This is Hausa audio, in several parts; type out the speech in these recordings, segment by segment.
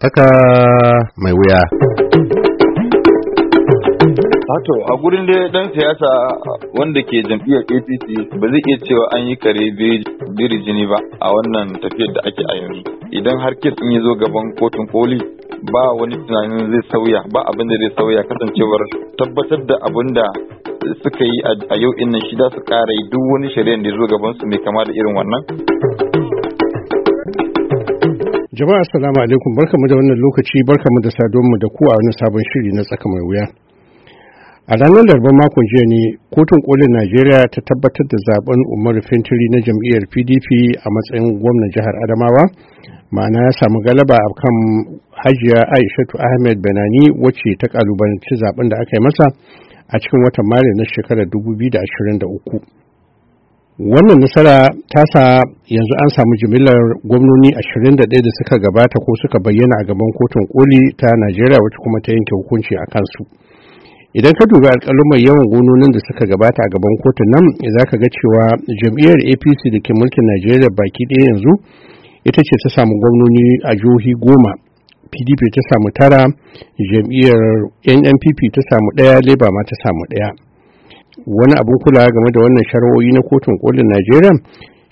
tsaka mai wuya. Wato a gurin da dan siyasa wanda ke jam'iyyar APC ba zai iya cewa an yi kare jini ba a wannan tafiyar da ake a yanzu. Idan har in ya zo gaban kotun koli ba wani tunanin zai sauya ba abin da zai sauya kasancewar tabbatar da abin da suka yi a yau innan shi za su kara duk wani shari'ar da ya zo gaban su mai kama da irin wannan. Jama'a assalamu alaikum barkamu da wannan lokaci barkamu da mu da kuwa wani sabon shiri na tsaka mai wuya. A ranar larabar makon jiya ne kotun kolin Najeriya ta tabbatar da zaben Umaru Fintiri na jam'iyyar PDP a matsayin gwamnan jihar Adamawa ma'ana ya samu galaba a kan hajiya Aishatu Ahmed Benani wacce ta kalubalanci zaben da aka yi masa a cikin watan Maris na shekarar 2023. wannan nasara ta sa yanzu an samu jimillar gwamnoni 21 da suka gabata ko suka bayyana a gaban kotun koli ta najeriya wacce kuma ta yanke hukunci a kansu idan ka dubi mai yawan gononin da suka gabata a gaban kotun nan za ka ga cewa jam'iyyar apc da ke mulkin najeriya baki ɗaya yanzu ita ce ta samu gwamnoni a jihohi goma pdp ta samu tara jam'iyyar nnpp ta samu ɗaya leba ma ta samu ɗaya wani abin kula game da wannan shari'o'i na kotun kolin najeriya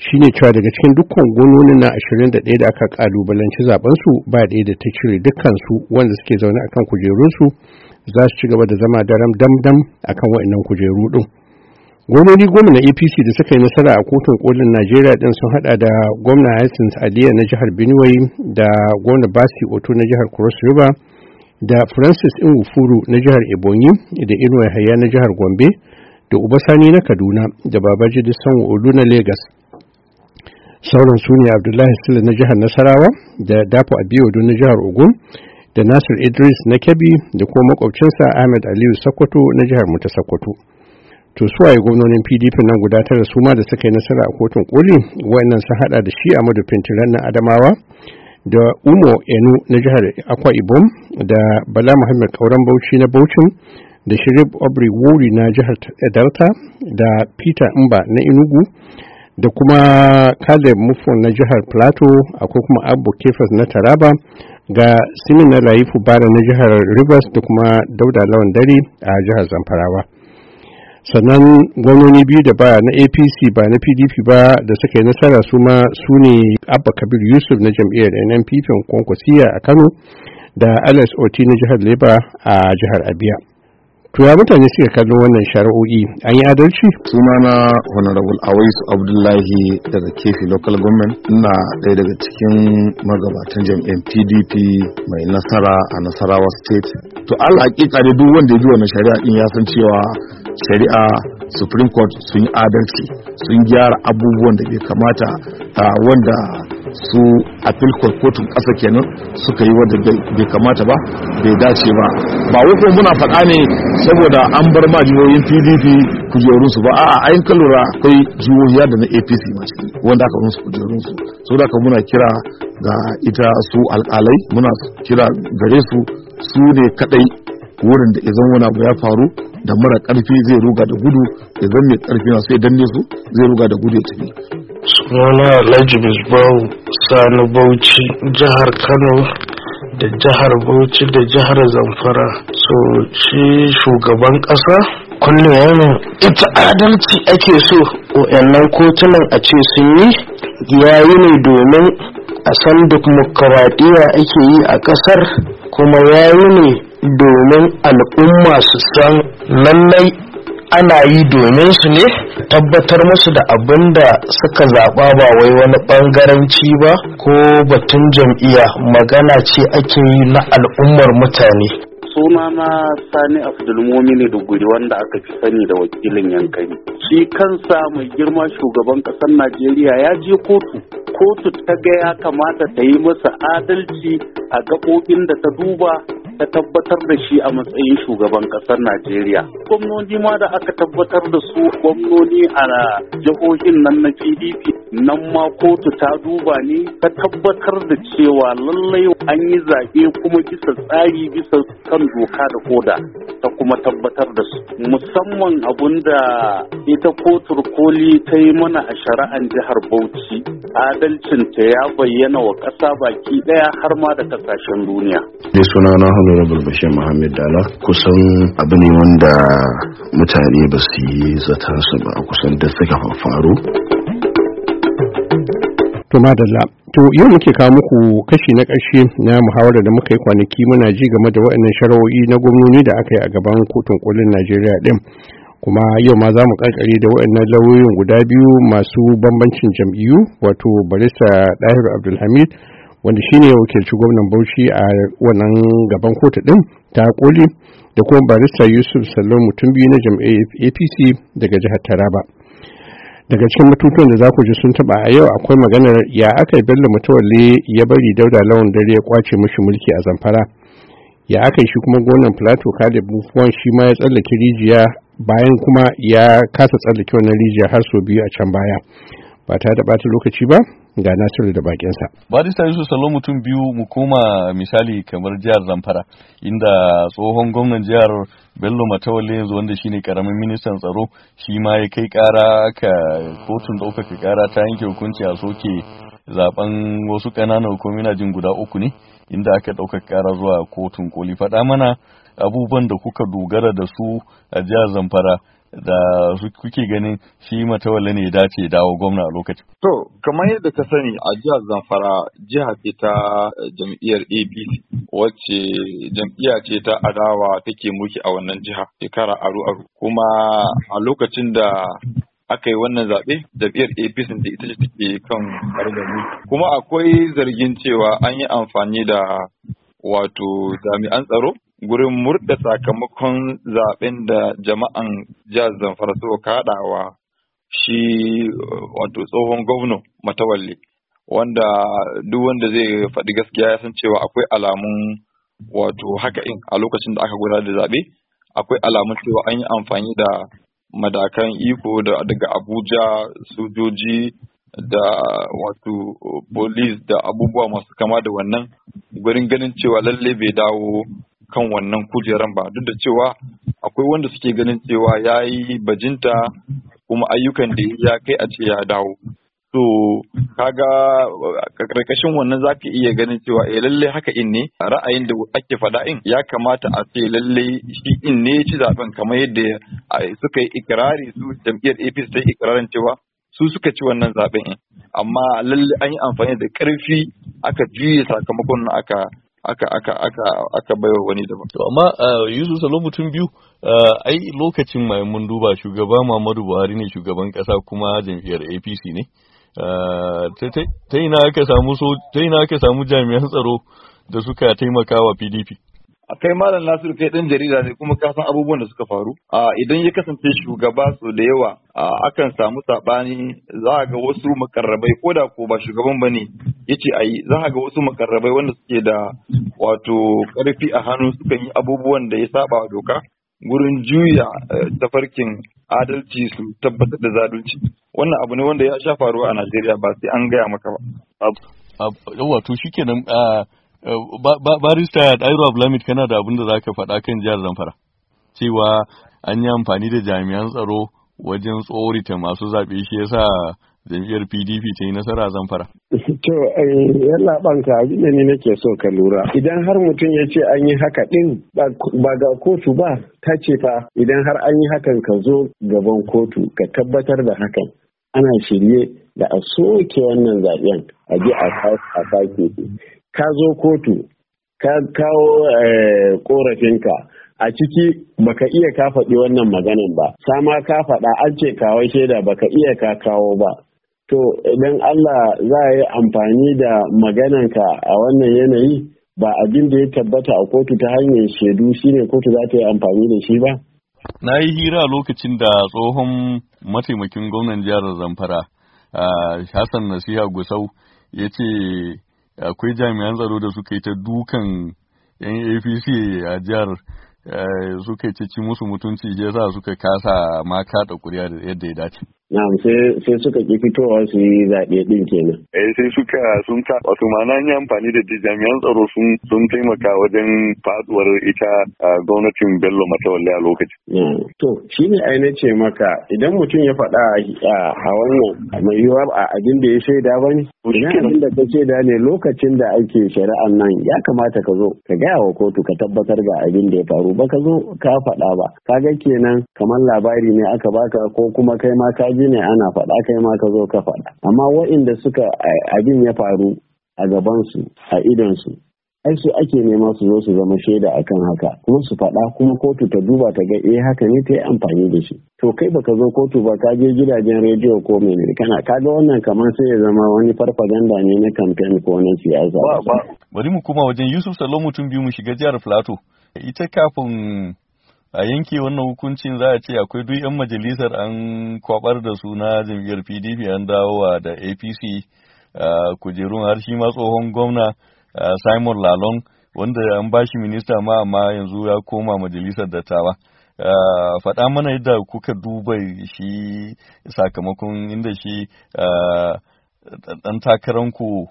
shine cewa daga cikin dukkan gononin na 21 da aka kalubalanci zabensu ba ɗaya da ta cire dukkansu wanda suke zaune akan kujerunsu za su ci gaba da zama daram damdam akan wa'annan kujeru din gwamnoni goma na apc da suka yi nasara a kotun kolin najeriya din sun hada da gwamna hassan aliya na jihar benue da gwamna basi oto na jihar cross river da francis inwufuru na jihar ebonyi da inuwa haya na jihar gombe da Uba Sani na Kaduna da Babaji da Sanwo Olu na Legas. Sauran su ne Abdullahi Sule na jihar Nasarawa da Dapo abiodu na jihar Ogun da Nasir Idris na Kebbi da kuma makwabcinsa Ahmed Aliyu Sokoto na jihar muta ta To su waye gwamnonin PDP nan guda tara su ma da suka yi nasara a kotun koli wayannan sun hada da shi a Fintiran na Adamawa da Umo Enu na jihar Akwa Ibom da Bala Muhammad Kauran Bauchi na Bauchin da shirib obri wuri na jihar delta da peter mba na inugu da kuma kaleb mufon na jihar plateau akwai kuma abu kefas na taraba ga simi na laifu bara na jihar rivers da kuma dauda lawan dare a jihar zamfarawa sannan gwamnoni biyu da ba na apc ba na pdp ba da suka yi nasara su ma su ne abba kabir yusuf na jam'iyyar nnpp kwankwasiya a kano da alex oti na jihar leba a jihar abia to ya mutane suke kallon wannan shari'o'i an yi adalci sunana honorable awaisu abdullahi daga kefi local government na ɗaya daga cikin magabatan jam'in pdp mai nasara a nasarawa state to al hakika da duk wanda ya ji wannan shari'a din ya san cewa shari'a supreme court sun yi adalci sun gyara abubuwan da ke kamata a wanda su a court kotun ƙasa kenan suka yi wadda bai kamata ba bai dace ba ba wuko muna faɗa ne saboda an bar ma jihohin pdp kujerunsu ba a ayin kan akwai jihohiya da na apc ma ciki wanda aka musu kujerunsu so da muna kira ga ita su alƙalai muna kira gare su su ne kaɗai wurin da izan wani abu ya faru da mara ƙarfi zai ruga da gudu izan mai ƙarfi na sai danne su zai ruga da gudu ya tafi sunana alhaji misbahu sani bauchi jihar kano da jihar bauchi da jihar zamfara so shi shugaban kasa kullum yana ita adalci ake so wa'annan kotunan a ce sun yi yayi ne domin a san dimokuraɗiyya ake yi a ƙasar kuma yayi ne domin al'umma su san lallai ana yi domin su ne tabbatar musu da abin da suka zaɓa ba wai wani ɓangaranci ba ko batun jam'iyya magana ce ake yi na al'ummar mutane suna na sani da duguri wanda aka fi sani da wakilin yankari shi kansa mai girma shugaban ƙasar najeriya ya je kotu kotu ta ga ya kamata ta yi masa adalci a gaɓoɓin da ta duba ta tabbatar da shi a matsayin shugaban ƙasar Najeriya. Gwamnoni ma da aka tabbatar da su gwamnoni a jihohin nan na PDP nan ma kotu ta duba ne ta tabbatar da cewa lallai an yi zaɓe kuma bisa tsari bisa kan doka da koda ta kuma tabbatar da su musamman abun da ita kotur koli ta yi mana a shari'an jihar bauchi adalcinta ya bayyana wa ƙasa baki ɗaya har ma da ƙasashen duniya ne suna na honorable bashir muhammad dala kusan abu ne wanda mutane ba su yi zaton su ba kusan da suka faru To madalla, to yau muke kawo muku kashi na ƙarshe na muhawara da muka yi kwanaki muna ji game da waɗannan shari'o'i na gwamnoni da aka yi a gaban kotun kolin Najeriya din, Kuma yau ma za mu ƙarƙare da waɗannan lauyoyin guda biyu masu bambancin jam'iyyu wato barista Ɗahiru Abdulhamid wanda shine ya wakilci gwamnan Bauchi a wannan gaban kotu din ta koli da kuma barista Yusuf Sallon mutum biyu na jam'iyyar APC daga jihar Taraba. daga cikin batutuwan da za ku ji sun taba a yau akwai maganar ya aka yi bello mutuwalle ya bari dauda lawan dare ya kwace mashi mulki a zamfara ya aka shi kuma gonan plato kalib bufuwan shi ma ya tsallake rijiya bayan kuma ya kasa tsallake wannan rijiya har sau biyu a can baya ba ta da ɓata lokaci ba ga nasiru da bakinsa. barista yusuf salo mutum biyu mu koma misali kamar jihar zamfara inda tsohon gwamnan jihar bello matawalle yanzu wanda shine karamin ministan tsaro shi ma ya kai kara ka kotun ɗaukaka kara ta yanke hukunci a soke zaben wasu ƙananan hukumomi jin guda uku ne inda aka ɗaukar ƙara zuwa kotun koli faɗa mana abubuwan da kuka dogara da su a jihar zamfara da kuke ganin shi matawala ne dace dawo gwamna a lokacin. To, kamar yadda ka sani a jihar Zamfara jiha ce ta jam'iyyar APC wacce jam'iyya ce ta adawa take mulki a wannan jiha shekara aru aru kuma a lokacin da aka yi wannan zaɓe da biyar apc da ita ce take kan mu kuma akwai zargin cewa an yi amfani da wato jami'an tsaro gurin murda sakamakon zaɓen da jama'an jihar zamfara suka kaɗawa shi wato tsohon gwamna matawalle wanda duk wanda zai faɗi gaskiya ya san cewa akwai alamun wato haka in a lokacin da aka gudanar da zaɓe akwai alamun cewa an yi amfani da madakan iko da daga abuja sojoji da wato police da abubuwa masu kama da wannan gurin ganin cewa lalle bai dawo kan wannan kujeran ba duk da cewa akwai wanda suke ganin cewa ya yi bajinta kuma ayyukan da ya kai a ce ya dawo So, kaga karkashin wannan za ka iya ganin cewa eh lalle haka in ne ra'ayin da ake faɗa in ya kamata a ce lalle shi in ne ci zaben kamar yadda suka yi ikirari su jam'iyyar APC ta ikirarin cewa su suka ci wannan zaben in amma lalle an yi amfani da karfi aka juye sakamakon aka aka aka aka aka baiwa wani daban. To amma Yusuf Salo mutum biyu ai lokacin mai mun duba shugaba Muhammadu Buhari ne shugaban kasa kuma jam'iyyar APC ne. Eh, ta ina aka samu jami'an tsaro da suka taimaka wa PDP kai malam nasiru kai dan jarida ne kuma ka san abubuwan da suka faru a idan ya kasance shugaba so da yawa akan samu sabani za ga wasu makarrabai ko da ko ba shugaban bane yace ayi za ga wasu makarrabai wanda suke da wato karfi a hannu sukan yi abubuwan da ya saba wa doka gurin juya eh, tafarkin adalci su tabbatar da zalunci wannan abu ne wanda ya sha faruwa a najeriya ba sai an gaya maka ba wato shikenan ah, eh, barista dairo abdulhamid kana da abin da za ka faɗa kan jihar zamfara cewa an yi amfani da jami'an tsaro wajen tsorita masu zaɓe shi yasa jam'iyyar PDP ta yi nasara zamfara. To, eh, yalla banka ne nake so ka lura. Idan har mutum ya ce an yi haka ɗin ba ga kotu ba, ta ce fa idan har an yi hakan ka zo gaban kotu ka tabbatar da hakan. Ana shirye da a soke wannan zaɓen a ji a sake Ka zo kotu, ka kawo korafinka eh, a ciki baka iya ka faɗi wannan maganin ba sama ka faɗa an ce kawai shaida baka iya ka kawo ba to idan Allah za a yi amfani da magananka a wannan yanayi ba abin da ya tabbata a kotu ta hanyar shaidu shine kotu za ta yi amfani da shi ba? Na yi hira lokacin da tsohon mataimakin gwamnan jihar Zamfara, Hassan Nasiha Gusau, ya ce akwai jami'an tsaro da suka yi ta dukan 'yan APC a jihar eh, suka cici musu mutunci ya sa suka kasa ma kaɗa kuri'a da yadda ya dace. Na'am sai suka ki fitowa su yi zaɓe ɗin kenan. Eh sai suka sun ta wato ma'ana yi amfani da jami'an tsaro sun sun taimaka wajen faduwar ita gwamnatin Bello Matawalle a lokacin. Hmm. To shi ne ai ce maka idan mutum ya faɗa a mu mai yiwuwa a abin da ya shaida ba ne. abin da ka shaida ne lokacin da ake shari'an nan ya kamata ka zo ka gaya wa kotu ka tabbatar da abin da ya faru ba ka zo ka faɗa ba. Ka ga kenan kamar labari ne aka baka ko kuma kai ma ka ji ne ana faɗa kai ma ka zo ka faɗa amma waɗanda suka abin ya faru a gabansu a idonsu ai su ake nema su zo su zama shaida akan haka kuma su faɗa kuma kotu ta duba ta ga eh haka ne ta yi amfani da shi to kai baka zo kotu ba ka je gidajen rediyo ko mene kana kaga wannan kamar sai ya zama wani farfaganda ne na kamfen ko na siyasa bari mu kuma wajen Yusuf Salomu tun biyu mu shiga jihar Plateau ita kafin a yanke wannan hukuncin za a ce akwai duk 'yan majalisar an kwabar da su na jam'iyyar pdp an dawowa da apc kujerun har shi ma tsohon gwamna simon lalong wanda an ba shi minista ma amma yanzu ya koma majalisar dattawa faɗa mana yadda kuka duba shi sakamakon inda shi ɗan takaranku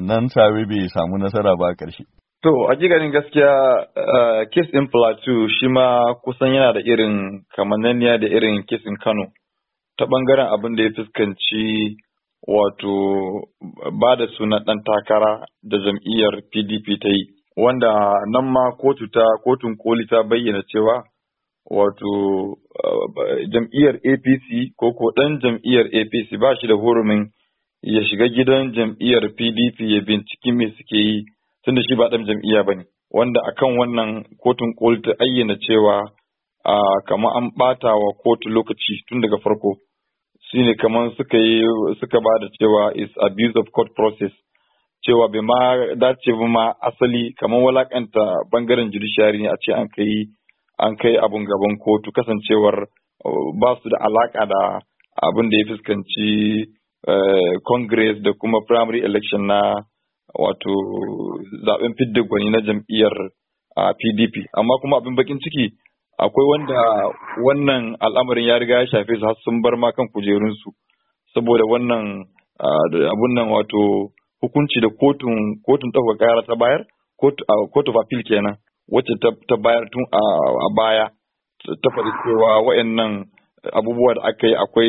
nan tare bai samu nasara ba ƙarshe To, hakikanin gaskiya eh, kes ɗin Plateau shi ma kusan yana da irin kamanniya da irin kesin Kano ta ɓangaren abin da ya fuskanci wato ba da sunan ɗan takara da jam'iyyar PDP ta yi, wanda nan ma kotu ta kotun koli ta bayyana cewa wato eh, jam'iyyar APC ko ko ɗan jam'iyyar APC ba shi da hurumin ya shiga gidan jam'iyyar PDP ya binciki mai suke yi. tunda shi ba ɗan jam'iyya ba ne wanda akan wannan kotun koli ta ayyana cewa a kamar an ɓata wa kotu lokaci tun daga farko shine kamar suka yi suka ba cewa is abuse of court process cewa bai ma dace ba ma asali kamar walakanta bangaren judiciary ne a ce an kai an kai abun gaban kotu kasancewar ba su da alaka da abin da ya fuskanci eh, congress da kuma primary election na wato zaben fidda gwani na jam'iyyar pdp amma kuma abin bakin ciki akwai wanda wannan al'amarin ya riga ya shafe su har sun bar ma kan kujerunsu saboda wannan abun nan wato hukunci da kotun kotun ɗaukaka ƙara ta bayar kotu of appeal kenan wacce ta bayar tun a baya ta faɗi cewa wa'annan abubuwa da aka yi akwai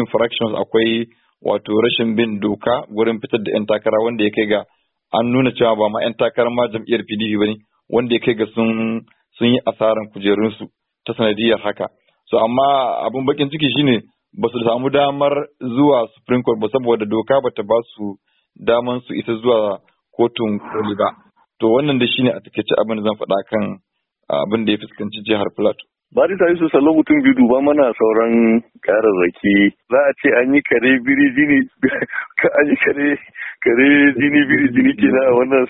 infractions akwai wato rashin bin doka gurin fitar da 'yan takara wanda ya kai ga an nuna cewa ba ma 'yan takara ma jam'iyyar PDP bane wanda ya kai ga sun sun yi asaran su ta sanadiyar haka. So amma abun bakin ciki shine ba su samu damar zuwa Supreme Court ba saboda doka ba ta ba su daman su isa zuwa kotun koli ba. To wannan da shine a takaice abin da zan faɗa kan abin da ya fuskanci jihar Plateau. Bari ta su salo mutum biyu duba mana sauran kararraki za a ce an yi kare biri jini an yi kare kare biri ke na wannan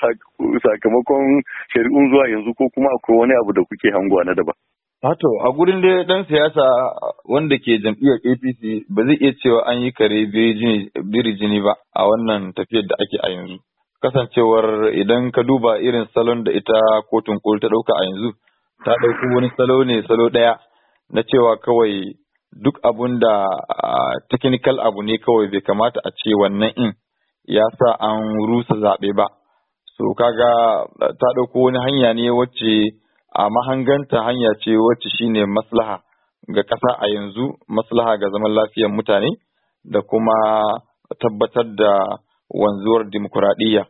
sakamakon shari'un zuwa yanzu ko kuma akwai wani abu da kuke hangowa na daban. Hato a gurin da dan siyasa wanda ke jam'iyyar APC ba zai iya cewa an yi kare biri jini ba a wannan tafiyar da ake a yanzu. Kasancewar idan ka duba irin salon da ita kotun kol ta ɗauka a yanzu ta ɗauko wani salo ne salo ɗaya na cewa kawai duk abun da technical abu ne kawai bai kamata a ce wannan in ya sa an rusa zaɓe ba so kaga ta ɗauko wani hanya ne wacce a mahanganta hanya ce wacce shine maslaha ga ƙasa a yanzu maslaha ga zaman lafiyar mutane da kuma tabbatar da wanzuwar dimokuraɗiyya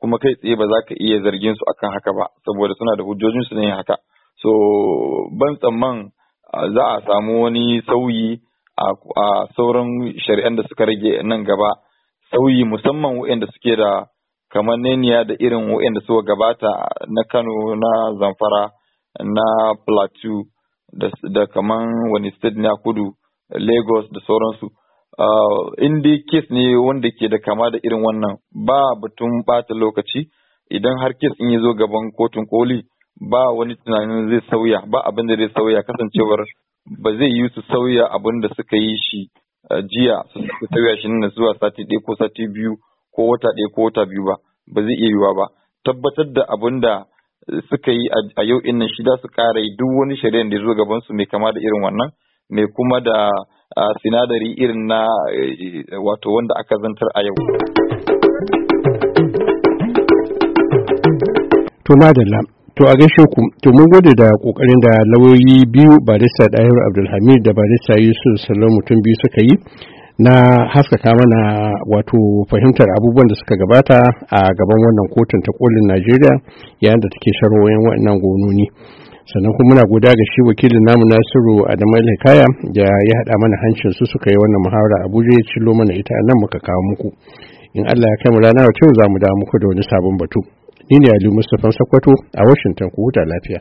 kuma kai tsaye ba za ka iya zargin su akan haka ba saboda suna da hujjojinsu ne haka so ban tsamman za a samu wani sauyi a sauran shari'an da suka rage nan gaba sauyi musamman waɗanda suke da kamanniya da irin waɗanda suka gabata na kano na zamfara na plateau da kaman wani state na kudu lagos da sauransu in dai kes ne wanda ke da kama da irin wannan ba batun bata lokaci idan har kes in yi zo gaban kotun koli ba wani tunanin zai sauya ba abin da zai sauya kasancewar ba zai yi su sauya abin da suka yi shi eh, jiya su sauya shi nan zuwa sati ɗaya ko sati biyu ko wata ɗaya ko wata biyu ba ba zai iya yiwa ba tabbatar da abin da suka yi a yau nan shi za su ƙara yi duk wani sharia da ya zo gaban su mai kama da irin wannan mai kuma da eh, sinadari irin na eh, wato wanda aka zantar a yau. To madalla To a gaishe ku, to mun gode da kokarin da lauyoyi biyu barista Dahir Abdulhamid da barista Yusuf Sallam mutum biyu suka yi na haskaka mana wato fahimtar abubuwan da suka gabata a gaban wannan kotun ta kolin Najeriya yayin da take sharwoyin waɗannan gononi. sannan kuma muna goda ga shi wakilin namu nasiru adamu hikaya da ya haɗa mana hancin su suka yi wannan muhawara abuja ya cillo mana ita nan muka kawo muku in allah ya kai mu rana yau za mu dawo muku da wani sabon batu ni ne ali mustapha sokoto a washington ku huta lafiya